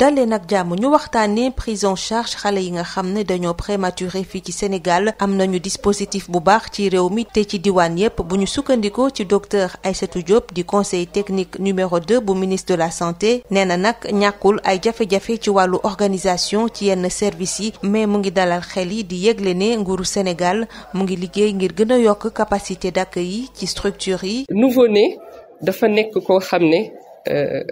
dalee nag jàmm ñu waxtaanee prise en charge xale yi nga xam ne dañoo prématuré fii ci Sénégal am nañu dispositif bu baax ci réew mi te ci diwaan yépp bu ñu sukkandikoo ci docteur Aïssatou Diop di conseil technique numéro 2 bu ministre de la santé nee na nag ñàkkul ay jafe-jafe ci wàllu organisation ci yenn service yi mais mu ngi dalal xel yi di yégle ne nguuru Sénégal mu ngi liggéey ngir gën a yokk capacité d'accueil yi ci structure yi. nouveau-né dafa nekk koo xam ne euh,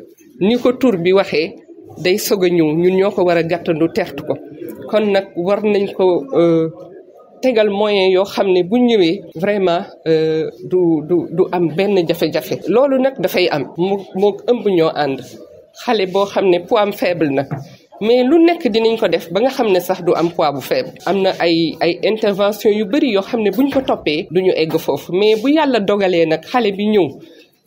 ni ko tur bi waxee. day sog a ñëw ñun ñoo ko war a gàttandu tertu ko kon nag war nañ ko euh, tegal moyen yoo xam ne bu ñëwee vraiment euh, du du du am benn jafe-jafe loolu nag dafay am mu moo ëmb ñoo ànd xale boo xam ne poids am faible na mais lu nekk dinañ ko def ba nga xam ne sax du am pois bu faible am na ay ay intervention yu bëri yoo xam ne buñ ko toppee duñu egg foofu mais bu yàlla dogalee nag xale bi ñëw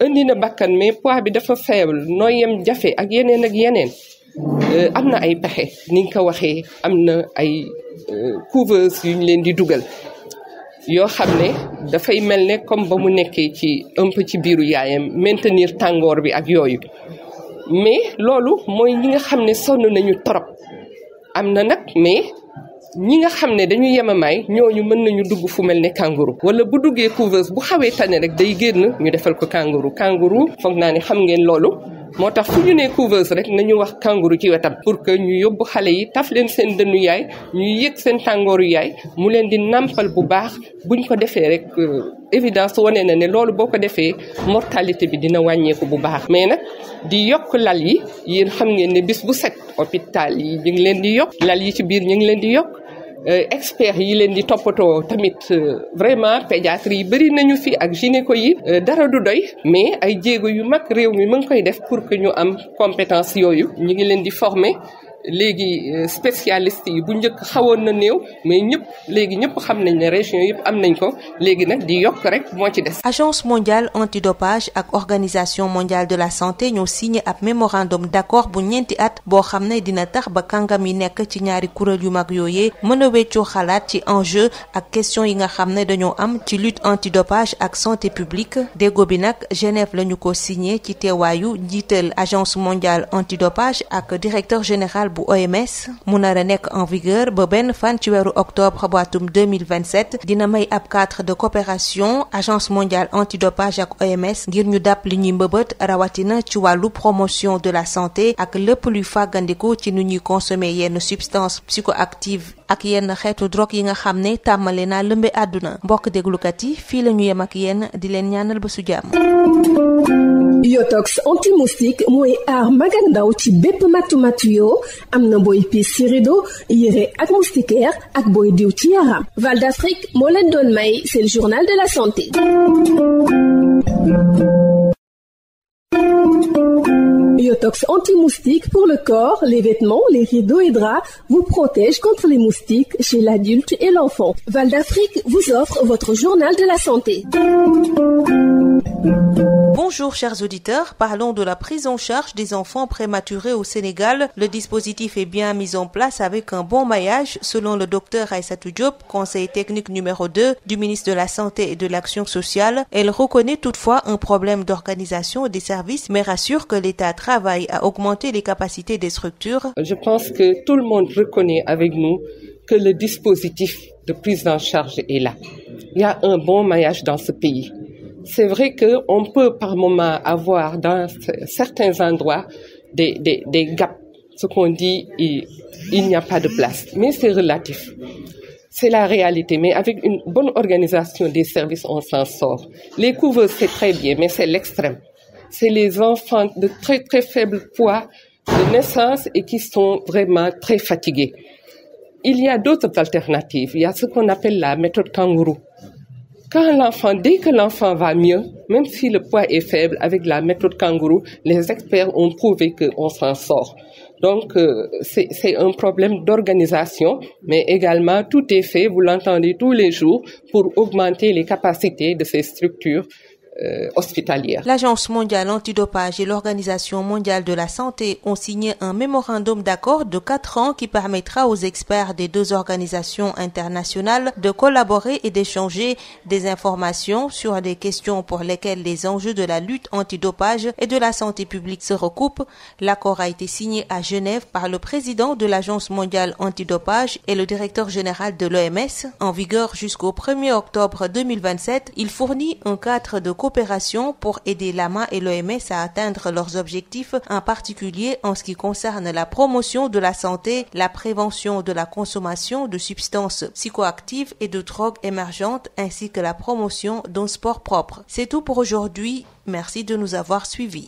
indi na bakkan mais poids bi dafa faible nooy yem jafe ak yeneen ak yeneen Euh, am na ay pexe ni nga ko waxee am na ay euh, couveuse yu ñu leen di dugal yoo xam ne dafay mel ne comme ba mu nekkee ci un ci biiru yaayam maintenir tàngoor bi ak yooyu mais loolu mooy ñi nga xam ne sonn nañu trop am na nag mais ñi nga xam ne dañu yemamaay ñu mën nañu dugg fu mel ne kangourou wala bu duggee couveuse bu xawee tane rek day génn ñu defal ko kangourou kangourou foog naa ne xam ngeen loolu moo tax fu ñu nee couveuse rek nañu wax kangourou ci wetam pour que ñu yóbbu xale yi taf leen seen dënnu yaay ñu yëg seen tàngooru yaay mu leen di nàmpal bu baax bu ñu ko defee rek euh, évidence wane na ne loolu boo ko defee mortalité bi dina wàññeeku bu baax mais nag di yokk lal yi yéen xam ngeen ne bis bu set hôpital yi ñu ngi leen di yokk lal yi ci biir ñu ngi leen di yokk Euh, experts yi leen di toppatoo tamit euh, vraiment pédiatrie yi bëri nañu fi ak gynéco yi euh, dara du doy mais ay jéego yu mag réew mi mu ngi koy def pour que ñu am compétence yooyu ñu ngi leen di former léegi euh, spécialiste yi bu njëkk xawoon na néew mais ñëpp léegi ñëpp xam nañ ne région yëpp am nañ ko léegi nag di yokk rek moo ci des. agence mondiale antidopage ak organisation mondiale de la santé ñoo signé ab mémorandum d'accord bu ñeenti at boo xam ne dina tax ba kàngam yi nekk ci ñaari kuréel yu mag yooyee mën a weccoo xalaat ci enjeu ak question yi nga xam ne dañoo am ci lutte antidopage ak santé publique déggoo bi nag Genève la ñu ko signé ci teewaayu njiital agence mondiale antidopage ak directeur général. bu OMS mu nar a nekk en vigueur ba benn fan ci weeru octobre bu atum 2027 dina may ab quatre de coopération agence mondiale antidopage ak OMS ngir ñu dàpp li ñuy mbëbët rawatina ci wàllu promotion de la santé ak lépp luy fàggandiku ci nu ñuy consommer yenn substances psychoactives ak yenn xeetu drogue yi nga xam ne tàmmale naa lëmbe àdduna mbokk déglukat yi fii lañu ñu yem ak yéen di leen ñaanal ba su jàmm yotox anti moustique mooy aar mag ci bépp matu-matu yoo am na booy piis ci rido yére ak moustiquaire ak booy diw ci yaram Val d'Afrique moo leen doon may c'est le journal de la santé Biotox anti pour le corps, les vêtements, les rideaux et draps vous protège contre les moustiques chez l'adulte et l'enfant. Val d'Afrique vous offre votre journal de la santé. Bonjour chers auditeurs, parlons de la prise en charge des enfants prématurés au Sénégal. Le dispositif est bien mis en place avec un bon maillage selon le docteur Aïssatou Diop, conseil technique numéro 2 du ministre de la Santé et de l'Action sociale. Elle reconnaît toutefois un travaille à augmenter les capacités des structures. Je pense que tout le monde reconnaît avec nous que le dispositif de prise en charge est là. Il y a un bon maillage dans ce pays. C'est vrai qu'on peut par moment avoir dans certains endroits des, des, des gaps, ce qu'on dit, il, n'y a pas de place. Mais c'est relatif. C'est la réalité, mais avec une bonne organisation des services, on s'en sort. Les couvres, c'est très bien, mais c'est l'extrême. c'est les enfants de très très faible poids de naissance et qui sont vraiment très fatigués. Il y a d'autres alternatives. y a ce qu'on appelle la méthode kangourou. Quand l'enfant, dès que l'enfant va mieux, même si le poids est faible, avec la méthode kangourou, les experts ont prouvé qu'on s'en sort. Donc, euh, c'est un problème d'organisation, mais également tout est fait, vous l'entendez tous les jours, pour augmenter les capacités de ces structures Euh, hospitalière. L'Agence mondiale antidopage et l'Organisation mondiale de de quatre ans qui permettra aux experts des deux organisations de collaborer des informations sur des questions pour lesquelles les enjeux de la lutte antidopage et de la santé publique se a été signé à Genève par le de l'Agence mondiale antidopage et coopération pour aider l'AMA et l'OMS à atteindre leurs objectifs, en particulier en ce qui concerne la promotion de la santé, la prévention de la consommation de substances psychoactives et de drogues émergentes, ainsi que la promotion d'un sport propre. C'est tout pour aujourd'hui. Merci de nous avoir suivis.